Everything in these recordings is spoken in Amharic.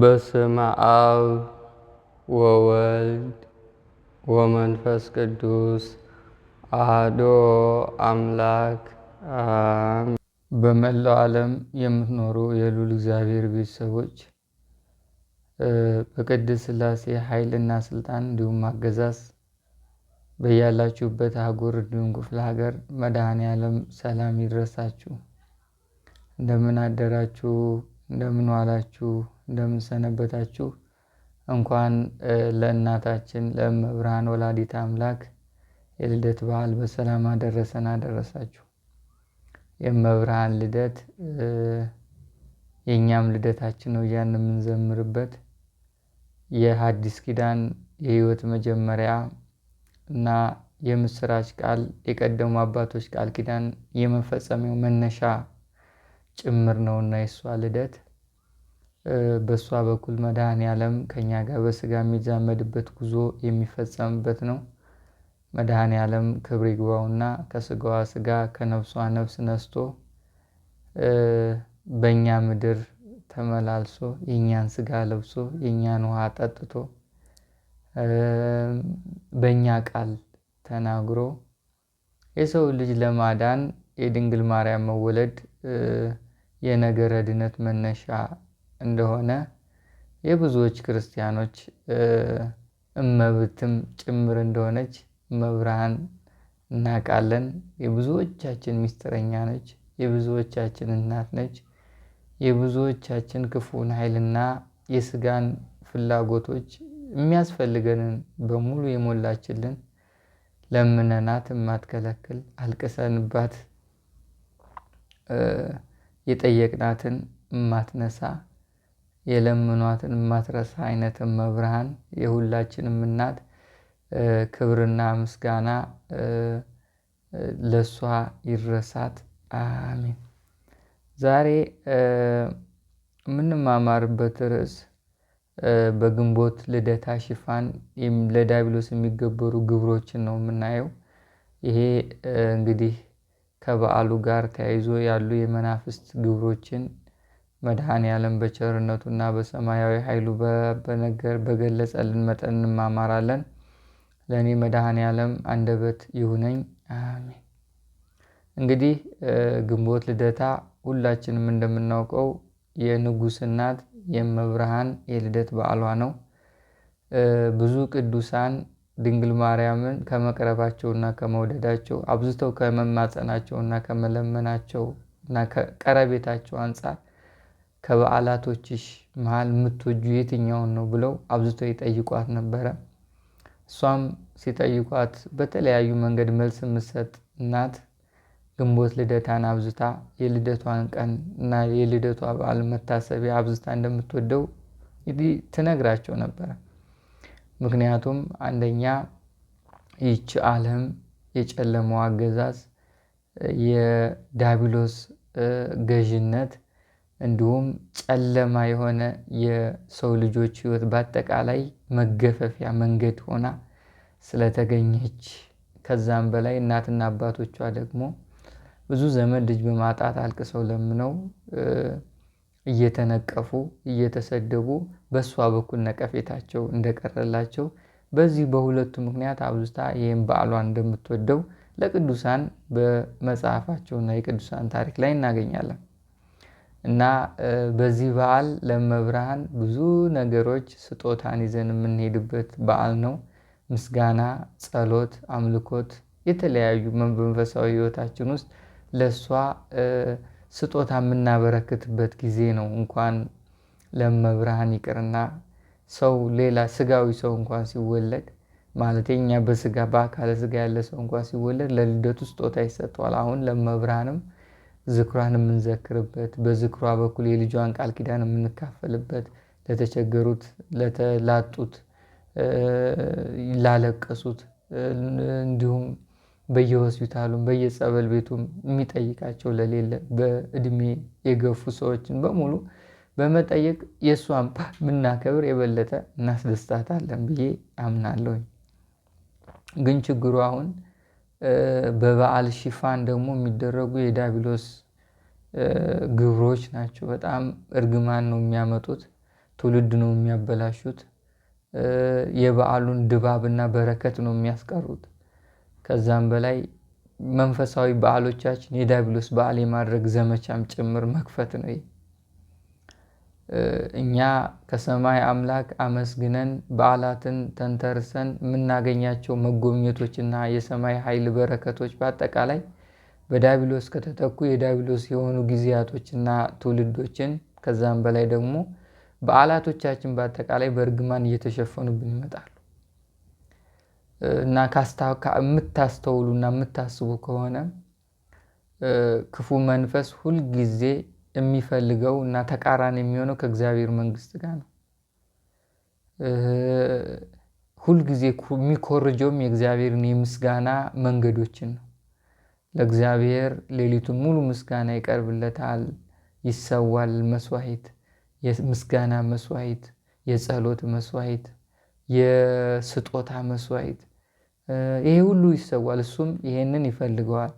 በስመ አብ ወወልድ ወመንፈስ ቅዱስ አሐዱ አምላክ አሜን። በመላው ዓለም የምትኖሩ የሉል እግዚአብሔር ቤተሰቦች በቅድስት ሥላሴ ኃይልና ስልጣን እንዲሁም አገዛዝ በያላችሁበት አህጉር እንዲሁም ክፍለ ሀገር መድኃኔ ዓለም ሰላም ይድረሳችሁ። እንደምን አደራችሁ? እንደምን ዋላችሁ? እንደምንሰነበታችሁ እንኳን ለእናታችን ለእመብርሃን ወላዲት አምላክ የልደት በዓል በሰላም አደረሰን አደረሳችሁ። የእመብርሃን ልደት የእኛም ልደታችን ነው እያን የምንዘምርበት የሐዲስ ኪዳን የህይወት መጀመሪያ እና የምስራች ቃል የቀደሙ አባቶች ቃል ኪዳን የመፈጸሚያው መነሻ ጭምር ነውና የእሷ ልደት በእሷ በኩል መድኃኒዓለም ከእኛ ጋር በስጋ የሚዛመድበት ጉዞ የሚፈጸምበት ነው። መድኃኒዓለም ክብር ይግባውና ከስጋዋ ስጋ ከነፍሷ ነፍስ ነስቶ በእኛ ምድር ተመላልሶ የእኛን ስጋ ለብሶ የእኛን ውሃ ጠጥቶ በእኛ ቃል ተናግሮ የሰው ልጅ ለማዳን የድንግል ማርያም መወለድ የነገረ ድነት መነሻ እንደሆነ የብዙዎች ክርስቲያኖች እመብትም ጭምር እንደሆነች እመብርሃን እናውቃለን። የብዙዎቻችን ምስጢረኛ ነች። የብዙዎቻችን እናት ነች። የብዙዎቻችን ክፉን ኃይልና የስጋን ፍላጎቶች የሚያስፈልገንን በሙሉ የሞላችልን ለምነናት የማትከለክል አልቅሰንባት የጠየቅናትን የማትነሳ የለምኗትን የማትረሳ አይነት እመብርሃን የሁላችንም እናት ክብርና ምስጋና ለእሷ ይድረሳት። አሜን። ዛሬ የምንማማርበት ርዕስ በግንቦት ልደታ ሽፋን ለዳቢሎስ የሚገበሩ ግብሮችን ነው የምናየው። ይሄ እንግዲህ ከበዓሉ ጋር ተያይዞ ያሉ የመናፍስት ግብሮችን መድኃኔ ዓለም በቸርነቱና በሰማያዊ ኃይሉ በነገር በገለጸልን መጠን እንማማራለን። ለእኔ መድኃኔ ዓለም አንደበት ይሁነኝ፣ አሜን። እንግዲህ ግንቦት ልደታ ሁላችንም እንደምናውቀው የንጉሥ እናት የመብርሃን የልደት በዓሏ ነው። ብዙ ቅዱሳን ድንግል ማርያምን ከመቅረባቸውና ከመውደዳቸው አብዝተው ከመማጸናቸውና ከመለመናቸው እና ከቀረቤታቸው አንጻር ከበዓላቶችሽ መሃል የምትወጁ የትኛውን ነው ብለው አብዝተው ይጠይቋት ነበረ። እሷም ሲጠይቋት በተለያዩ መንገድ መልስ የምትሰጥ እናት ግንቦት ልደታን አብዝታ የልደቷን ቀን እና የልደቷ በዓል መታሰቢያ አብዝታ እንደምትወደው ትነግራቸው ነበረ። ምክንያቱም አንደኛ ይቺ ዓለም የጨለመው አገዛዝ የዳቢሎስ ገዥነት እንዲሁም ጨለማ የሆነ የሰው ልጆች ህይወት በአጠቃላይ መገፈፊያ መንገድ ሆና ስለተገኘች ከዛም በላይ እናትና አባቶቿ ደግሞ ብዙ ዘመን ልጅ በማጣት አልቅሰው ለምነው እየተነቀፉ እየተሰደቡ በእሷ በኩል ነቀፌታቸው እንደቀረላቸው በዚህ በሁለቱ ምክንያት አብዝታ ይህም በዓሏን እንደምትወደው ለቅዱሳን በመጽሐፋቸውና የቅዱሳን ታሪክ ላይ እናገኛለን። እና በዚህ በዓል ለመብርሃን ብዙ ነገሮች ስጦታን ይዘን የምንሄድበት በዓል ነው። ምስጋና ጸሎት አምልኮት የተለያዩ መንፈሳዊ ህይወታችን ውስጥ ለእሷ ስጦታ የምናበረክትበት ጊዜ ነው። እንኳን ለመብርሃን ይቅርና ሰው ሌላ ስጋዊ ሰው እንኳን ሲወለድ ማለት እኛ በስጋ በአካለ ስጋ ያለ ሰው እንኳን ሲወለድ ለልደቱ ስጦታ ይሰጠዋል። አሁን ለመብርሃንም ዝክሯን የምንዘክርበት በዝክሯ በኩል የልጇን ቃል ኪዳን የምንካፈልበት ለተቸገሩት ለተላጡት ላለቀሱት እንዲሁም በየሆስፒታሉም በየጸበል ቤቱም የሚጠይቃቸው ለሌለ በእድሜ የገፉ ሰዎችን በሙሉ በመጠየቅ የእሷን በዓል ምናከብር የበለጠ እናስደስታታለን ብዬ አምናለሁኝ። ግን ችግሩ አሁን በበዓል ሽፋን ደግሞ የሚደረጉ የዳቢሎስ ግብሮች ናቸው። በጣም እርግማን ነው የሚያመጡት፣ ትውልድ ነው የሚያበላሹት፣ የበዓሉን ድባብና በረከት ነው የሚያስቀሩት። ከዛም በላይ መንፈሳዊ በዓሎቻችን የዳቢሎስ በዓል የማድረግ ዘመቻም ጭምር መክፈት ነው። እኛ ከሰማይ አምላክ አመስግነን በዓላትን ተንተርሰን የምናገኛቸው መጎብኘቶችና የሰማይ ኃይል በረከቶች በአጠቃላይ በዳቢሎስ ከተተኩ የዳቢሎስ የሆኑ ጊዜያቶችና ትውልዶችን ከዛም በላይ ደግሞ በዓላቶቻችን በአጠቃላይ በእርግማን እየተሸፈኑብን ይመጣሉ እና የምታስተውሉና የምታስቡ ከሆነ ክፉ መንፈስ ሁልጊዜ የሚፈልገው እና ተቃራኒ የሚሆነው ከእግዚአብሔር መንግስት ጋር ነው። ሁልጊዜ የሚኮርጀውም የእግዚአብሔርን የምስጋና መንገዶችን ነው። ለእግዚአብሔር ሌሊቱን ሙሉ ምስጋና ይቀርብለታል፣ ይሰዋል፣ መስዋት የምስጋና መስዋዕት፣ የጸሎት መስዋዕት፣ የስጦታ መስዋዕት፣ ይሄ ሁሉ ይሰዋል። እሱም ይሄንን ይፈልገዋል።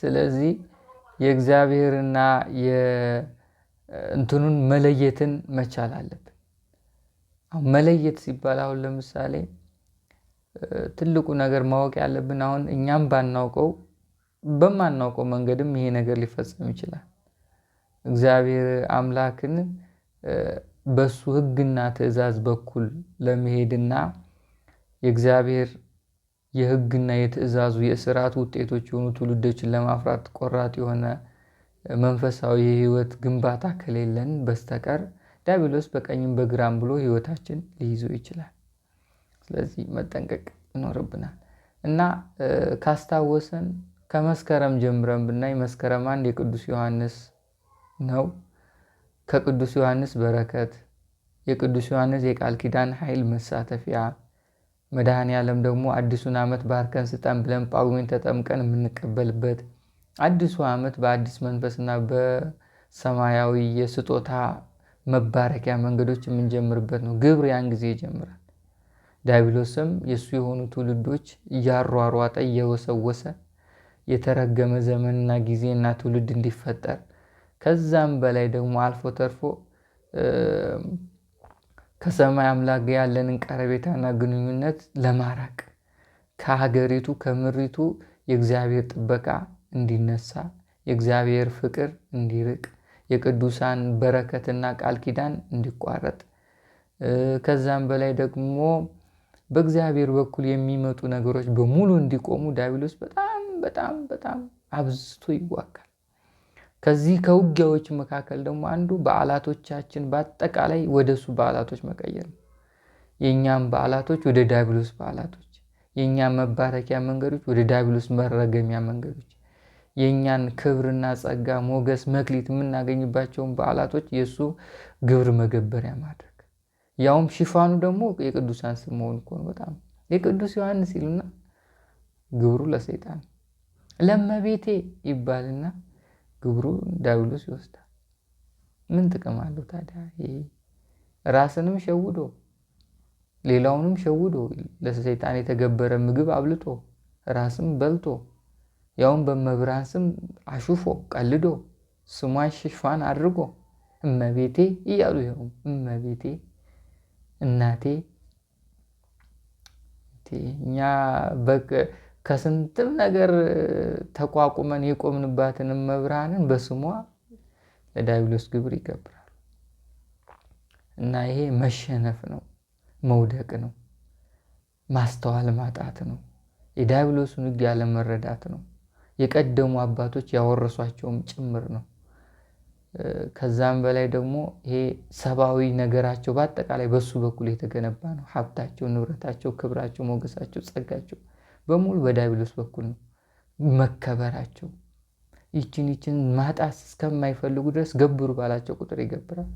ስለዚህ የእግዚአብሔርና የእንትኑን መለየትን መቻል አለብን። መለየት ሲባል አሁን ለምሳሌ ትልቁ ነገር ማወቅ ያለብን አሁን እኛም ባናውቀው በማናውቀው መንገድም ይሄ ነገር ሊፈጸም ይችላል። እግዚአብሔር አምላክን በሱ ሕግና ትእዛዝ በኩል ለመሄድና የእግዚአብሔር የህግና የትዕዛዙ የስርዓት ውጤቶች የሆኑ ትውልዶችን ለማፍራት ቆራጥ የሆነ መንፈሳዊ የህይወት ግንባታ ከሌለን በስተቀር ዲያብሎስ በቀኝም በግራም ብሎ ህይወታችን ሊይዞ ይችላል። ስለዚህ መጠንቀቅ ይኖርብናል እና ካስታወሰን ከመስከረም ጀምረን ብናይ መስከረም አንድ የቅዱስ ዮሐንስ ነው። ከቅዱስ ዮሐንስ በረከት የቅዱስ ዮሐንስ የቃል ኪዳን ኃይል መሳተፊያ መድኃኔ ዓለም ደግሞ አዲሱን ዓመት ባርከን ስጠን ብለን ጳጉሜን ተጠምቀን የምንቀበልበት አዲሱ ዓመት በአዲስ መንፈስና በሰማያዊ የስጦታ መባረኪያ መንገዶች የምንጀምርበት ነው። ግብር ያን ጊዜ ይጀምራል። ዲያብሎስም የእሱ የሆኑ ትውልዶች እያሯሯጠ እየወሰወሰ የተረገመ ዘመንና ጊዜና ትውልድ እንዲፈጠር ከዛም በላይ ደግሞ አልፎ ተርፎ ከሰማይ አምላክ ጋር ያለንን ቀረቤታና ግንኙነት ለማራቅ ከሀገሪቱ ከምሪቱ የእግዚአብሔር ጥበቃ እንዲነሳ የእግዚአብሔር ፍቅር እንዲርቅ የቅዱሳን በረከትና ቃል ኪዳን እንዲቋረጥ ከዛም በላይ ደግሞ በእግዚአብሔር በኩል የሚመጡ ነገሮች በሙሉ እንዲቆሙ ዲያብሎስ በጣም በጣም በጣም አብዝቶ ይዋጋል። ከዚህ ከውጊያዎች መካከል ደግሞ አንዱ በዓላቶቻችን በአጠቃላይ ወደ እሱ በዓላቶች መቀየር ነው። የእኛም በዓላቶች ወደ ዳብሎስ በዓላቶች፣ የእኛ መባረኪያ መንገዶች ወደ ዳብሎስ መረገሚያ መንገዶች፣ የእኛን ክብርና ጸጋ፣ ሞገስ፣ መክሊት የምናገኝባቸውን በዓላቶች የእሱ ግብር መገበሪያ ማድረግ ያውም ሽፋኑ ደግሞ የቅዱሳን ስም መሆን እኮ ነው። በጣም የቅዱስ ዮሐንስ ይሉና ግብሩ ለሰይጣን ለመቤቴ ይባልና ግብሩ ዲያብሎስ ይወስዳል። ምን ጥቅም አለው ታዲያ? ይሄ ራስንም ሸውዶ ሌላውንም ሸውዶ ለሰይጣን የተገበረ ምግብ አብልቶ ራስም በልቶ ያውም በመብራን ስም አሹፎ ቀልዶ ስሟን ሽፋን አድርጎ እመቤቴ እያሉ ይኸውም እመቤቴ እናቴ እኛ ከስንትም ነገር ተቋቁመን የቆምንባትን መብርሃንን በስሟ ለዲያብሎስ ግብር ይገብራል እና ይሄ መሸነፍ ነው፣ መውደቅ ነው፣ ማስተዋል ማጣት ነው፣ የዲያብሎስን ሕግ ያለመረዳት ነው፣ የቀደሙ አባቶች ያወረሷቸውም ጭምር ነው። ከዛም በላይ ደግሞ ይሄ ሰብአዊ ነገራቸው በአጠቃላይ በሱ በኩል የተገነባ ነው። ሀብታቸው፣ ንብረታቸው፣ ክብራቸው፣ ሞገሳቸው፣ ጸጋቸው በሙሉ በዲያብሎስ በኩል ነው መከበራቸው። ይችን ይችን ማጣት እስከማይፈልጉ ድረስ ገብሩ ባላቸው ቁጥር ይገብራል፣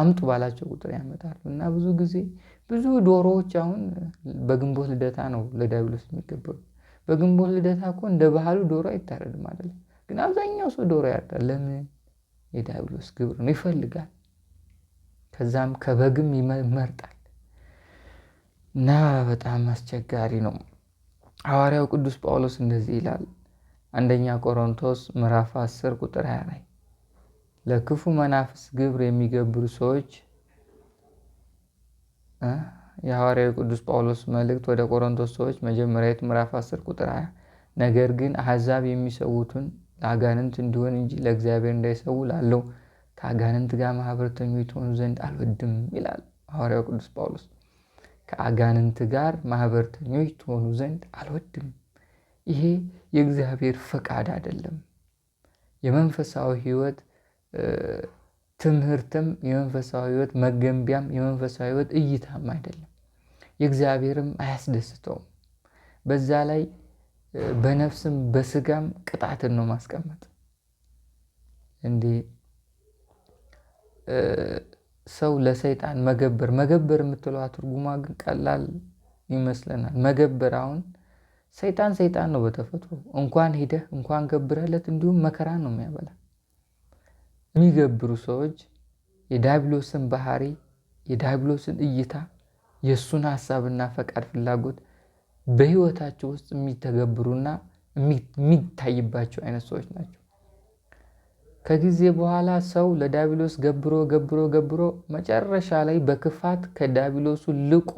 አምጡ ባላቸው ቁጥር ያመጣሉ። እና ብዙ ጊዜ ብዙ ዶሮዎች አሁን በግንቦት ልደታ ነው ለዲያብሎስ የሚገበሩ። በግንቦት ልደታ እኮ እንደ ባህሉ ዶሮ አይታረድም አይደለም፣ ግን አብዛኛው ሰው ዶሮ ያርዳል። ለምን? የዲያብሎስ ግብር ነው፣ ይፈልጋል። ከዛም ከበግም ይመርጣል። እና በጣም አስቸጋሪ ነው። ሐዋርያው ቅዱስ ጳውሎስ እንደዚህ ይላል። አንደኛ ቆሮንቶስ ምዕራፍ 10 ቁጥር 20 ላይ ለክፉ መናፍስ ግብር የሚገብሩ ሰዎች የሐዋርያው ቅዱስ ጳውሎስ መልእክት ወደ ቆሮንቶስ ሰዎች መጀመሪያዊት ምዕራፍ 10 ቁጥር 20 ነገር ግን አሕዛብ የሚሰዉትን ለአጋንንት እንዲሆን እንጂ ለእግዚአብሔር እንዳይሰዉ ላለው ከአጋንንት ጋር ማኅበረተኞች ትሆኑ ዘንድ አልወድም ይላል ሐዋርያው ቅዱስ ጳውሎስ። ከአጋንንት ጋር ማኅበርተኞች ትሆኑ ዘንድ አልወድም። ይሄ የእግዚአብሔር ፈቃድ አይደለም። የመንፈሳዊ ሕይወት ትምህርትም የመንፈሳዊ ሕይወት መገንቢያም የመንፈሳዊ ሕይወት እይታም አይደለም። የእግዚአብሔርም አያስደስተውም። በዛ ላይ በነፍስም በስጋም ቅጣትን ነው ማስቀመጥ እንዴ ሰው ለሰይጣን መገበር መገበር የምትለዋ ትርጉማ ግን ቀላል ይመስለናል። መገበር አሁን ሰይጣን ሰይጣን ነው በተፈጥሮ እንኳን ሂደህ እንኳን ገብረለት እንዲሁም መከራ ነው የሚያበላ። የሚገብሩ ሰዎች የዳብሎስን ባህሪ የዳብሎስን እይታ የእሱን ሀሳብና ፈቃድ ፍላጎት በህይወታቸው ውስጥ የሚተገብሩና የሚታይባቸው አይነት ሰዎች ናቸው። ከጊዜ በኋላ ሰው ለዳቢሎስ ገብሮ ገብሮ ገብሮ መጨረሻ ላይ በክፋት ከዳቢሎሱ ልቆ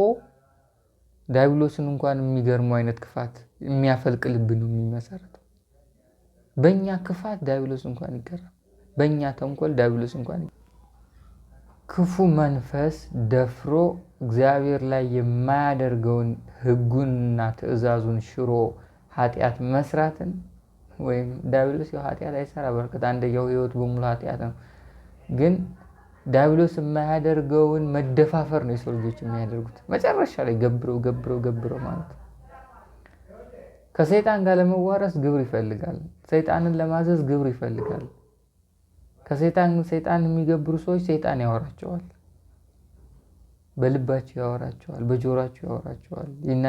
ዲያብሎስን እንኳን የሚገርሙ አይነት ክፋት የሚያፈልቅ ልብ ነው የሚመሰረተው። በእኛ ክፋት ዲያብሎስ እንኳን ይገረም፣ በእኛ ተንኮል ዲያብሎስ እንኳን ክፉ መንፈስ ደፍሮ እግዚአብሔር ላይ የማያደርገውን ሕጉንና ትእዛዙን ሽሮ ኃጢአት መስራትን ወይም ዲያብሎስ ያው ኃጢአት አይሰራ በርከት አንደኛው ህይወት በሙሉ ኃጢአት ነው። ግን ዳብሎስ የማያደርገውን መደፋፈር ነው የሰው ልጆች የሚያደርጉት መጨረሻ ላይ ገብረው ገብረው ገብረው ማለት ነው። ከሰይጣን ጋር ለመዋረስ ግብር ይፈልጋል። ሰይጣንን ለማዘዝ ግብር ይፈልጋል። ከሰይጣን ሰይጣን የሚገብሩ ሰዎች ሰይጣን ያወራቸዋል፣ በልባቸው ያወራቸዋል፣ በጆሯቸው ያወራቸዋል እና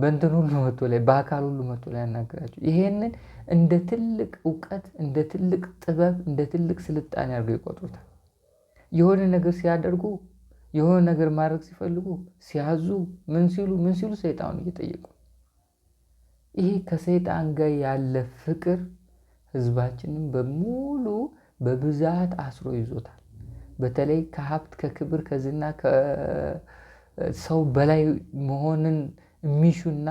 በእንትን ሁሉ መጥቶ ላይ በአካል ሁሉ መጥቶ ላይ ያናገራቸው። ይሄንን እንደ ትልቅ እውቀት፣ እንደ ትልቅ ጥበብ፣ እንደ ትልቅ ስልጣኔ አድርገው ይቆጥሩታል። የሆነ ነገር ሲያደርጉ፣ የሆነ ነገር ማድረግ ሲፈልጉ፣ ሲያዙ፣ ምን ሲሉ ምን ሲሉ ሰይጣኑ እየጠየቁ ይሄ ከሰይጣን ጋር ያለ ፍቅር ህዝባችንም በሙሉ በብዛት አስሮ ይዞታል። በተለይ ከሀብት ከክብር ከዝና ከሰው በላይ መሆንን የሚሹና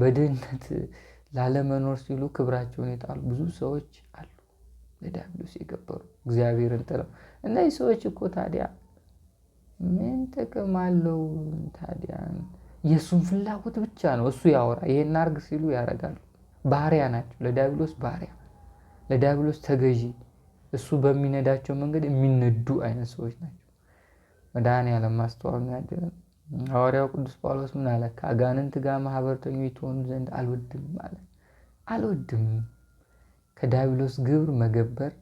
በድህነት ላለመኖር ሲሉ ክብራቸውን የጣሉ ብዙ ሰዎች አሉ፣ ለዲያብሎስ የገበሩ እግዚአብሔርን ጥለው። እነዚህ ሰዎች እኮ ታዲያ ምን ጥቅም አለው? ታዲያ የእሱን ፍላጎት ብቻ ነው እሱ ያወራ። ይሄን አርግ ሲሉ ያደርጋሉ። ባሪያ ናቸው፣ ለዲያብሎስ ባሪያ፣ ለዲያብሎስ ተገዢ፣ እሱ በሚነዳቸው መንገድ የሚነዱ አይነት ሰዎች ናቸው። መድኃኔዓለም ማስተዋሉን ያድለን። ሐዋርያው ቅዱስ ጳውሎስ ምን አለ? ከአጋንንት ጋር ማኅበረተኞች ትሆኑ ዘንድ አልወድም አለ። አልወድም ከዳብሎስ ግብር መገበር፣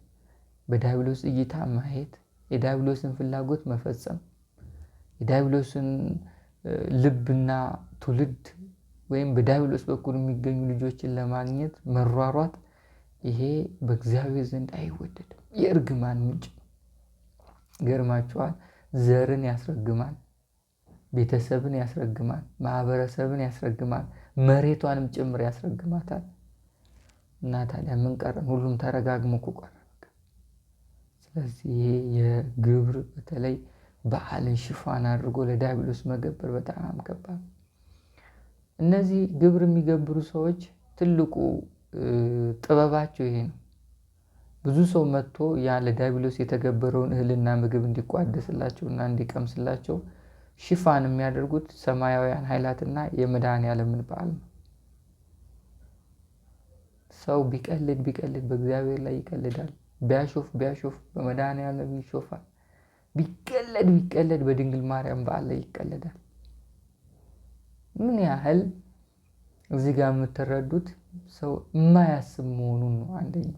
በዳብሎስ እይታ ማየት፣ የዳብሎስን ፍላጎት መፈጸም፣ የዳብሎስን ልብና ትውልድ ወይም በዳብሎስ በኩል የሚገኙ ልጆችን ለማግኘት መሯሯት ይሄ በእግዚአብሔር ዘንድ አይወደድም። የእርግማን ምንጭ ገርማችኋል። ዘርን ያስረግማል። ቤተሰብን ያስረግማል፣ ማህበረሰብን ያስረግማል፣ መሬቷንም ጭምር ያስረግማታል። እና ታዲያ ምን ቀረን? ሁሉም ተረጋግሞ እኮ ቀረ። ስለዚህ ይሄ የግብር በተለይ በዓልን ሽፋን አድርጎ ለዲያብሎስ መገበር በጣም ከባድ። እነዚህ ግብር የሚገብሩ ሰዎች ትልቁ ጥበባቸው ይሄ ነው። ብዙ ሰው መጥቶ ያ ለዲያብሎስ የተገበረውን እህልና ምግብ እንዲቋደስላቸው እና እንዲቀምስላቸው ሽፋን የሚያደርጉት ሰማያውያን ኃይላትና የመድኃኔዓለምን በዓል ነው። ሰው ቢቀልድ ቢቀልድ በእግዚአብሔር ላይ ይቀልዳል። ቢያሾፍ ቢያሾፍ በመድኃኔዓለም ይሾፋል። ቢቀለድ ቢቀለድ በድንግል ማርያም በዓል ላይ ይቀለዳል። ምን ያህል እዚህ ጋር የምትረዱት ሰው የማያስብ መሆኑን ነው። አንደኛ።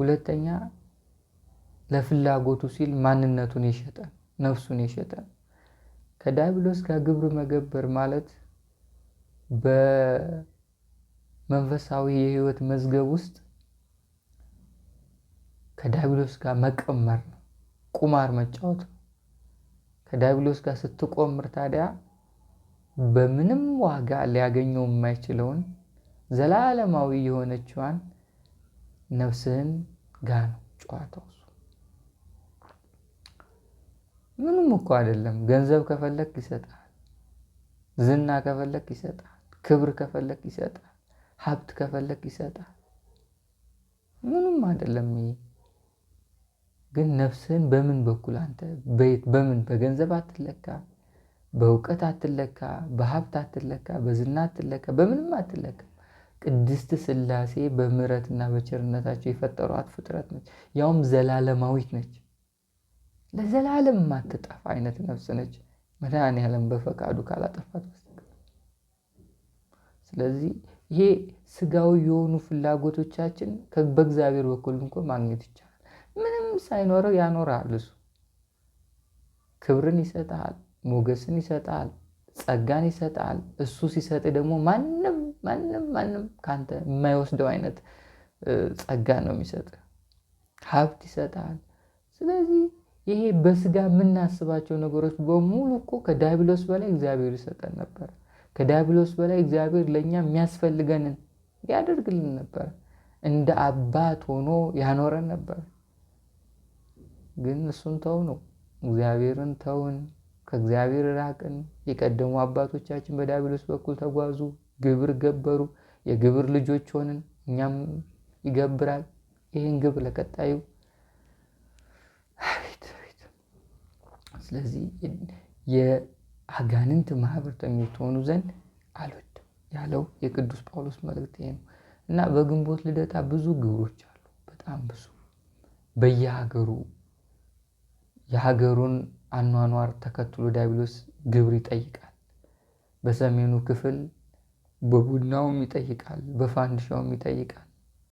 ሁለተኛ ለፍላጎቱ ሲል ማንነቱን የሸጠ ነፍሱን የሸጠ ከዲያብሎስ ጋር ግብር መገበር ማለት በመንፈሳዊ የህይወት መዝገብ ውስጥ ከዲያብሎስ ጋር መቀመር ነው፣ ቁማር መጫወት ነው። ከዲያብሎስ ጋር ስትቆምር ታዲያ በምንም ዋጋ ሊያገኘው የማይችለውን ዘላለማዊ የሆነችዋን ነፍስህን ጋ ነው ጨዋታው። ምንም እኮ አይደለም። ገንዘብ ከፈለክ ይሰጣል፣ ዝና ከፈለክ ይሰጣል፣ ክብር ከፈለክ ይሰጣል፣ ሀብት ከፈለክ ይሰጣል። ምንም አይደለም። ግን ነፍስህን በምን በኩል አንተ በየት በምን በገንዘብ አትለካ፣ በእውቀት አትለካ፣ በሀብት አትለካ፣ በዝና አትለካ፣ በምንም አትለካ። ቅድስት ስላሴ በምሕረትና በቸርነታቸው የፈጠሯት ፍጥረት ነች፣ ያውም ዘላለማዊት ነች። ለዘላለም የማትጠፋ አይነት ነፍስ ነች፣ መድኃኔዓለም በፈቃዱ ካላጠፋት በስተቀር። ስለዚህ ይሄ ስጋዊ የሆኑ ፍላጎቶቻችን በእግዚአብሔር በኩል እንኳ ማግኘት ይቻላል። ምንም ሳይኖረው ያኖራል። እሱ ክብርን ይሰጣል፣ ሞገስን ይሰጣል፣ ጸጋን ይሰጣል። እሱ ሲሰጥ ደግሞ ማንም ማንም ማንም ከአንተ የማይወስደው አይነት ጸጋ ነው የሚሰጥ። ሀብት ይሰጣል። ስለዚህ ይሄ በስጋ የምናስባቸው ነገሮች በሙሉ እኮ ከዲያብሎስ በላይ እግዚአብሔር ይሰጠን ነበር። ከዲያብሎስ በላይ እግዚአብሔር ለእኛ የሚያስፈልገንን ያደርግልን ነበር። እንደ አባት ሆኖ ያኖረን ነበር። ግን እሱን ተው ነው እግዚአብሔርን ተውን፣ ከእግዚአብሔር ራቅን። የቀደሙ አባቶቻችን በዲያብሎስ በኩል ተጓዙ፣ ግብር ገበሩ፣ የግብር ልጆች ሆንን። እኛም ይገብራል። ይህን ግብር ለቀጣዩ ስለዚህ የአጋንንት ማህበርተኞች ትሆኑ ዘንድ አልወድም ያለው የቅዱስ ጳውሎስ መልእክት ይሄ ነው እና በግንቦት ልደታ ብዙ ግብሮች አሉ። በጣም ብዙ በየሀገሩ የሀገሩን አኗኗር ተከትሎ ዲያብሎስ ግብር ይጠይቃል። በሰሜኑ ክፍል በቡናውም ይጠይቃል፣ በፋንድሻውም ይጠይቃል።